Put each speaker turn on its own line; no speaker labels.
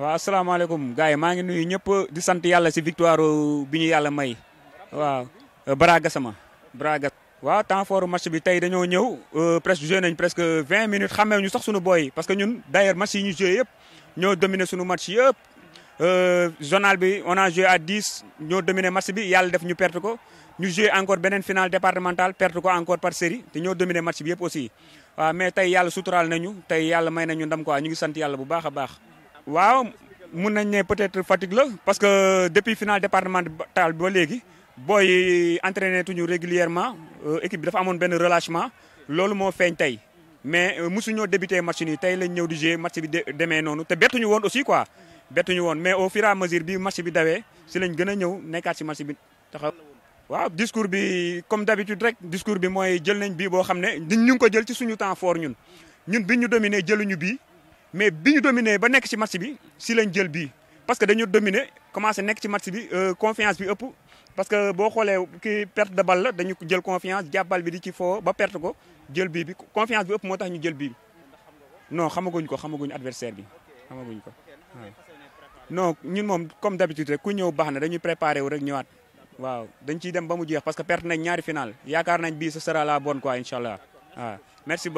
waaw asalaamaaleykum gars yi maa ngi nuyu ñëpp di sant yàlla si victoire bi ñu yàlla may waaw Bara Gassama Bara Gassama waaw temps fort match bi tey dañoo ñëw euh, presque joué nañ presque vingt minutes xamee ñu sax suñu booy parce que ñun d'ailleurs match yi ñu joué yëpp ñoo dominé suñu match yëpp zonal euh, bi on a joué ñoo dominé match bi yàlla def ñu perte ko ñu joué encore beneen finale départementale perte ko encore par série te ñoo dominé match bi yëpp aussi waaw mais tey yàlla suturaal nañu tey yàlla may nañu ndam ñu ngi sant yàlla bu baax a waaw mun nañ ne peut-être fatigue la parce que depuis finale départementale ba léegi booy entraîné tuñu régulièrement euh, équipe bi dafa amoon benn relâchement loolu moo feeñ tey mais euh, mosuñoo débuté match nii tey lañ ñëw di jouer match bi de demee noonu te bettuñu woon aussi quoi bettuñu woon mais au fur et à mesure bi match bi dawee si lañ gën a ñëw nekkaat si match bi taxaw. waaw discours bi comme d'habitude rek discours bi mooy jël nañ bii boo xam ne ñu ngi ko jël ci suñu temps fort ñun ñun bi ñu dominé jëluñu bii. mais bi ñu dominé ba nekk ci match bi si lañ jël bii parce que dañu dominé commencé nekk ci match bi euh, confiance bi ëpp. parce que boo xoolee ki perte de balle la dañu jël confiance jàppal bi di ci foo ba perte ko jël bii bi confiance bi ëpp moo tax ñu jël bii non xamaguñ ko xamaguñ adversaire bi xamaguñ ko waaw. ñu ñun moom comme d'habitude rek ku ñëw baax na dañuy préparé wu rek ñëwaat waaw dañ ci dem ba mu jeex parce que perte nañ ñaari final yaakaar nañ bii ce sera la bonne quoi incha allah waaw merci